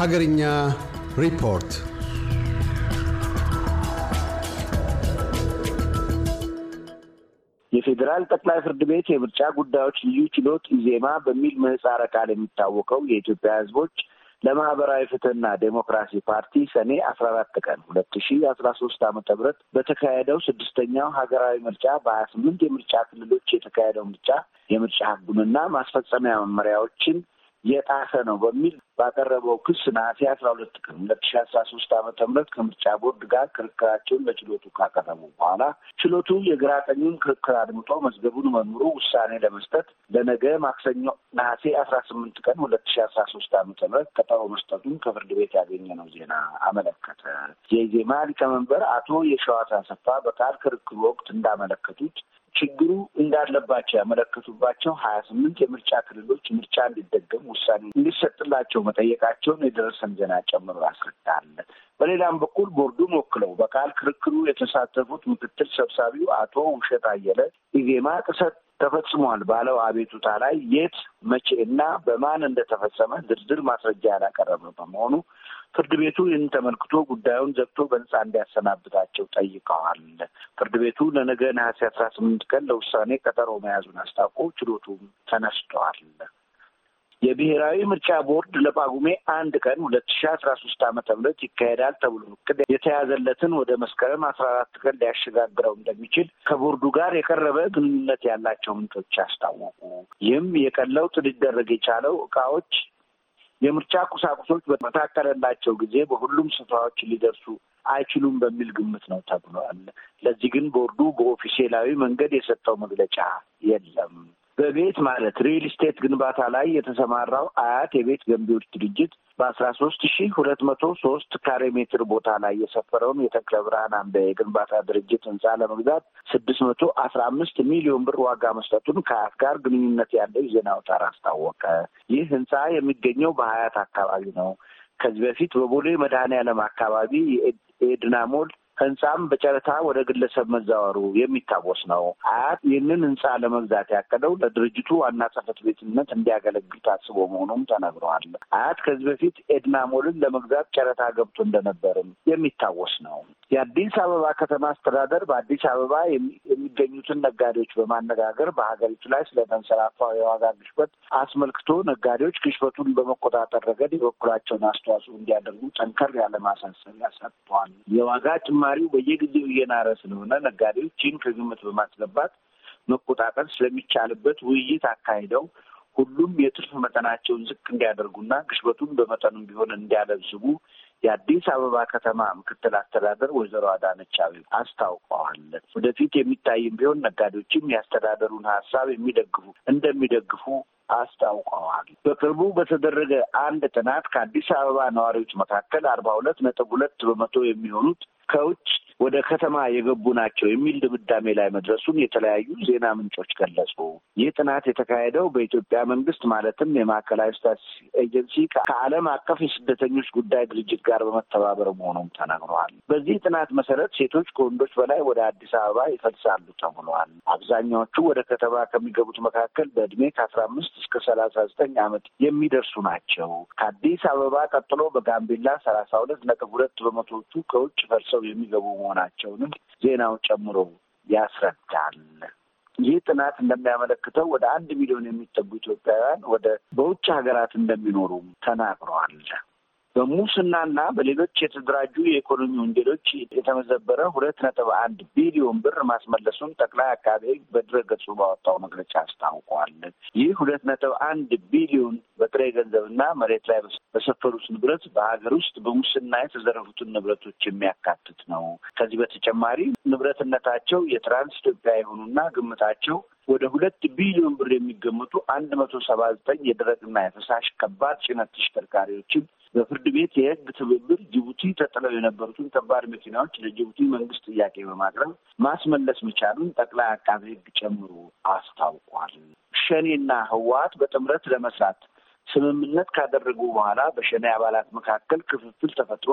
Hagarinya report. የፌዴራል ጠቅላይ ፍርድ ቤት የምርጫ ጉዳዮች ልዩ ችሎት ኢዜማ በሚል ምህጻረ ቃል የሚታወቀው የኢትዮጵያ ሕዝቦች ለማህበራዊ ፍትህና ዴሞክራሲ ፓርቲ ሰኔ አስራ አራት ቀን ሁለት ሺ አስራ ሶስት አመተ ምህረት በተካሄደው ስድስተኛው ሀገራዊ ምርጫ በሀያ ስምንት የምርጫ ክልሎች የተካሄደው ምርጫ የምርጫ ህጉንና ማስፈጸሚያ መመሪያዎችን የጣሰ ነው በሚል ባቀረበው ክስ ነሐሴ አስራ ሁለት ቀን ሁለት ሺ አስራ ሶስት ዓመተ ምህረት ከምርጫ ቦርድ ጋር ክርክራቸውን ለችሎቱ ካቀረቡ በኋላ ችሎቱ የግራ ቀኙን ክርክር አድምጦ መዝገቡን መርምሮ ውሳኔ ለመስጠት ለነገ ማክሰኞ ነሐሴ አስራ ስምንት ቀን ሁለት ሺ አስራ ሶስት ዓመተ ምህረት ቀጠሮ መስጠቱን ከፍርድ ቤት ያገኘ ነው ዜና አመለከተ። የኢዜማ ሊቀመንበር አቶ የሸዋስ አሰፋ በቃል ክርክር ወቅት እንዳመለከቱት ችግሩ እንዳለባቸው ያመለከቱባቸው ሀያ ስምንት የምርጫ ክልሎች ምርጫ እንዲደገም ውሳኔ እንዲሰጥላቸው መጠየቃቸውን የደረሰን ዜና ጨምሮ ያስረዳል። በሌላም በኩል ቦርዱን ወክለው በቃል ክርክሩ የተሳተፉት ምክትል ሰብሳቢው አቶ ውሸት አየለ ኢዜማ ጥሰት ተፈጽሟል ባለው አቤቱታ ላይ የት መቼ እና በማን እንደተፈጸመ ዝርዝር ማስረጃ ያላቀረበ በመሆኑ ፍርድ ቤቱ ይህን ተመልክቶ ጉዳዩን ዘግቶ በነጻ እንዲያሰናብታቸው ጠይቀዋል። ፍርድ ቤቱ ለነገ ነሐሴ አስራ ስምንት ቀን ለውሳኔ ቀጠሮ መያዙን አስታውቆ ችሎቱም ተነስተዋል። የብሔራዊ ምርጫ ቦርድ ለጳጉሜ አንድ ቀን ሁለት ሺ አስራ ሶስት ዓመተ ምህረት ይካሄዳል ተብሎ እቅድ የተያዘለትን ወደ መስከረም አስራ አራት ቀን ሊያሸጋግረው እንደሚችል ከቦርዱ ጋር የቀረበ ግንኙነት ያላቸው ምንጮች አስታወቁ። ይህም የቀን ለውጥ ሊደረግ የቻለው እቃዎች የምርጫ ቁሳቁሶች በመካከለላቸው ጊዜ በሁሉም ስፍራዎች ሊደርሱ አይችሉም በሚል ግምት ነው ተብሏል። ለዚህ ግን ቦርዱ በኦፊሴላዊ መንገድ የሰጠው መግለጫ የለም። በቤት ማለት ሪል ስቴት ግንባታ ላይ የተሰማራው አያት የቤት ገንቢዎች ድርጅት በአስራ ሶስት ሺህ ሁለት መቶ ሶስት ካሬ ሜትር ቦታ ላይ የሰፈረውን የተክለ ብርሃን አምደ የግንባታ ድርጅት ህንፃ ለመግዛት ስድስት መቶ አስራ አምስት ሚሊዮን ብር ዋጋ መስጠቱን ከአያት ጋር ግንኙነት ያለው ዜና አውታር አስታወቀ። ይህ ህንፃ የሚገኘው በሀያት አካባቢ ነው። ከዚህ በፊት በቦሌ መድኃኔዓለም አካባቢ የኤድናሞል ህንፃም በጨረታ ወደ ግለሰብ መዛወሩ የሚታወስ ነው። አያት ይህንን ህንፃ ለመግዛት ያቀደው ለድርጅቱ ዋና ጽፈት ቤትነት እንዲያገለግል ታስቦ መሆኑም ተነግረዋል። አያት ከዚህ በፊት ኤድና ሞልን ለመግዛት ጨረታ ገብቶ እንደነበርም የሚታወስ ነው። የአዲስ አበባ ከተማ አስተዳደር በአዲስ አበባ የሚገኙትን ነጋዴዎች በማነጋገር በሀገሪቱ ላይ ስለተንሰራፋው የዋጋ ግሽበት አስመልክቶ ነጋዴዎች ግሽበቱን በመቆጣጠር ረገድ የበኩላቸውን አስተዋጽኦ እንዲያደርጉ ጠንከር ያለ ማሳሰቢያ ሰጥቷል። የዋጋ ጭማ ጭማሪው በየጊዜው እየናረ ስለሆነ ነጋዴዎችን ከግምት በማስገባት መቆጣጠር ስለሚቻልበት ውይይት አካሂደው ሁሉም የትርፍ መጠናቸውን ዝቅ እንዲያደርጉና ግሽበቱን በመጠኑም ቢሆን እንዲያለብስቡ የአዲስ አበባ ከተማ ምክትል አስተዳደር ወይዘሮ አዳነች አቤቤ አስታውቀዋል። ወደፊት የሚታይም ቢሆን ነጋዴዎችም የአስተዳደሩን ሀሳብ የሚደግፉ እንደሚደግፉ አስታውቀዋል። በቅርቡ በተደረገ አንድ ጥናት ከአዲስ አበባ ነዋሪዎች መካከል አርባ ሁለት ነጥብ ሁለት በመቶ የሚሆኑት ከውጭ ወደ ከተማ የገቡ ናቸው የሚል ድምዳሜ ላይ መድረሱን የተለያዩ ዜና ምንጮች ገለጹ። ይህ ጥናት የተካሄደው በኢትዮጵያ መንግስት ማለትም የማዕከላዊ ስታትስ ኤጀንሲ ከዓለም አቀፍ የስደተኞች ጉዳይ ድርጅት ጋር በመተባበር መሆኑም ተነግሯል። በዚህ ጥናት መሰረት ሴቶች ከወንዶች በላይ ወደ አዲስ አበባ ይፈልሳሉ ተብሏል። አብዛኛዎቹ ወደ ከተማ ከሚገቡት መካከል በእድሜ ከአስራ አምስት እስከ ሰላሳ ዘጠኝ ዓመት የሚደርሱ ናቸው። ከአዲስ አበባ ቀጥሎ በጋምቤላ ሰላሳ ሁለት ነጥብ ሁለት በመቶዎቹ ከውጭ ፈልሰው የሚገቡ መሆናቸውንም ዜናው ጨምሮ ያስረዳል። ይህ ጥናት እንደሚያመለክተው ወደ አንድ ሚሊዮን የሚጠጉ ኢትዮጵያውያን ወደ በውጭ ሀገራት እንደሚኖሩም ተናግረዋል። በሙስናና በሌሎች የተደራጁ የኢኮኖሚ ወንጀሎች የተመዘበረ ሁለት ነጥብ አንድ ቢሊዮን ብር ማስመለሱን ጠቅላይ አቃቤ በድረገጹ ባወጣው መግለጫ አስታውቋል። ይህ ሁለት ነጥብ አንድ ቢሊዮን በጥሬ ገንዘብና መሬት ላይ በሰፈሩት ንብረት በሀገር ውስጥ በሙስና የተዘረፉትን ንብረቶች የሚያካትት ነው። ከዚህ በተጨማሪ ንብረትነታቸው የትራንስ ኢትዮጵያ የሆኑና ግምታቸው ወደ ሁለት ቢሊዮን ብር የሚገመቱ አንድ መቶ ሰባ ዘጠኝ የደረቅና የፈሳሽ ከባድ ጭነት ተሽከርካሪዎችን በፍርድ ቤት የህግ ትብብር ጅቡቲ ተጥለው የነበሩትን ከባድ መኪናዎች ለጅቡቲ መንግስት ጥያቄ በማቅረብ ማስመለስ መቻሉን ጠቅላይ አቃቤ ህግ ጨምሮ አስታውቋል። ሸኔና ህወሀት በጥምረት ለመስራት ስምምነት ካደረጉ በኋላ በሸኔ አባላት መካከል ክፍፍል ተፈጥሮ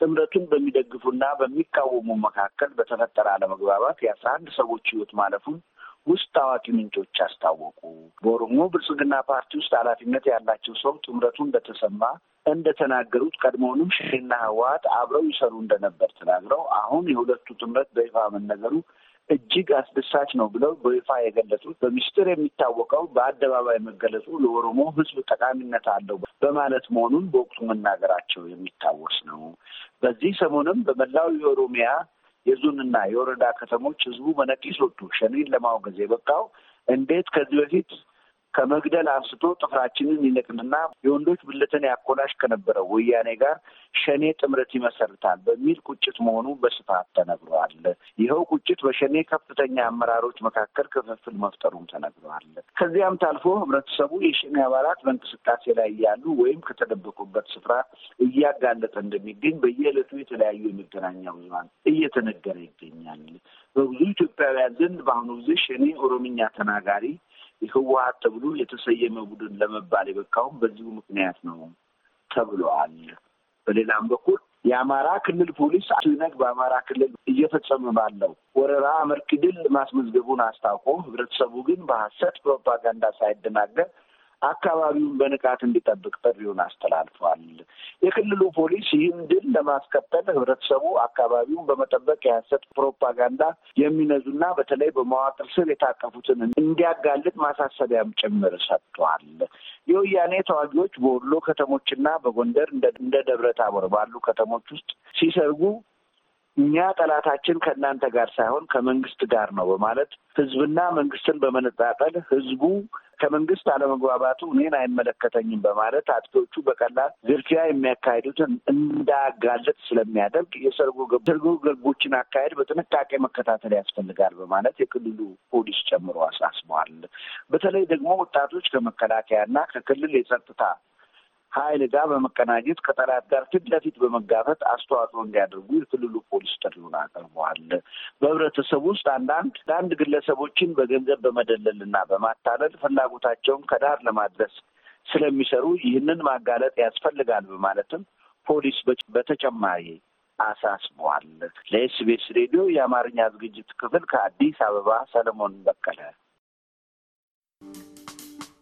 ጥምረቱን በሚደግፉና በሚቃወሙ መካከል በተፈጠረ አለመግባባት የአስራ አንድ ሰዎች ህይወት ማለፉን ውስጥ ታዋቂ ምንጮች አስታወቁ። በኦሮሞ ብልጽግና ፓርቲ ውስጥ ኃላፊነት ያላቸው ሰው ጥምረቱ እንደተሰማ እንደተናገሩት ቀድሞውንም ሽሬና ህወሀት አብረው ይሰሩ እንደነበር ተናግረው አሁን የሁለቱ ጥምረት በይፋ መነገሩ እጅግ አስደሳች ነው ብለው በይፋ የገለጹት በሚስጢር የሚታወቀው በአደባባይ መገለጹ ለኦሮሞ ህዝብ ጠቃሚነት አለው በማለት መሆኑን በወቅቱ መናገራቸው የሚታወስ ነው። በዚህ ሰሞንም በመላው የኦሮሚያ የዞንና የወረዳ ከተሞች ህዝቡ በነቂስ ወጡ ሸኔን ለማውገዝ የበቃው እንዴት ከዚህ በፊት ከመግደል አንስቶ ጥፍራችንን ይነቅንና የወንዶች ብልትን ያኮላሽ ከነበረው ወያኔ ጋር ሸኔ ጥምረት ይመሰርታል በሚል ቁጭት መሆኑ በስፋት ተነግረዋል። ይኸው ቁጭት በሸኔ ከፍተኛ አመራሮች መካከል ክፍፍል መፍጠሩም ተነግረዋል። ከዚያም ታልፎ ህብረተሰቡ የሸኔ አባላት በእንቅስቃሴ ላይ እያሉ ወይም ከተደበቁበት ስፍራ እያጋለጠ እንደሚገኝ በየዕለቱ የተለያዩ የመገናኛ ብዙኃን እየተነገረ ይገኛል። በብዙ ኢትዮጵያውያን ዘንድ በአሁኑ ጊዜ ሸኔ ኦሮምኛ ተናጋሪ ህወሀት ተብሎ የተሰየመ ቡድን ለመባል የበቃውም በዚሁ ምክንያት ነው ተብሏል። በሌላም በኩል የአማራ ክልል ፖሊስ ትነግ በአማራ ክልል እየፈጸመ ባለው ወረራ አመርቂ ድል ማስመዝገቡን አስታውቆ ህብረተሰቡ ግን በሀሰት ፕሮፓጋንዳ ሳይደናገር አካባቢውን በንቃት እንዲጠብቅ ጥሪውን አስተላልፏል። የክልሉ ፖሊስ ይህን ድል ለማስቀጠል ህብረተሰቡ አካባቢውን በመጠበቅ የሐሰት ፕሮፓጋንዳ የሚነዙና በተለይ በመዋቅር ስር የታቀፉትን እንዲያጋልጥ ማሳሰቢያም ጭምር ሰጥቷል። የወያኔ ተዋጊዎች በወሎ ከተሞችና በጎንደር እንደ ደብረ ታቦር ባሉ ከተሞች ውስጥ ሲሰርጉ እኛ ጠላታችን ከእናንተ ጋር ሳይሆን ከመንግስት ጋር ነው በማለት ህዝብና መንግስትን በመነጣጠል ህዝቡ ከመንግስት አለመግባባቱ እኔን አይመለከተኝም በማለት አጥቂዎቹ በቀላል ዝርፊያ የሚያካሂዱትን እንዳጋለጥ ስለሚያደርግ የሰርጎ ሰርጎ ገቦችን አካሄድ በጥንቃቄ መከታተል ያስፈልጋል በማለት የክልሉ ፖሊስ ጨምሮ አሳስበዋል። በተለይ ደግሞ ወጣቶች ከመከላከያና ከክልል የጸጥታ ኃይል ጋር በመቀናጀት ከጠላት ጋር ፊት ለፊት በመጋፈጥ አስተዋጽኦ እንዲያደርጉ የክልሉ ፖሊስ ጥሪውን አቅርበዋል። በህብረተሰቡ ውስጥ አንዳንድ ለአንድ ግለሰቦችን በገንዘብ በመደለል እና በማታለል ፍላጎታቸውን ከዳር ለማድረስ ስለሚሰሩ ይህንን ማጋለጥ ያስፈልጋል በማለትም ፖሊስ በተጨማሪ አሳስቧል። ለኤስቢኤስ ሬዲዮ የአማርኛ ዝግጅት ክፍል ከአዲስ አበባ ሰለሞን በቀለ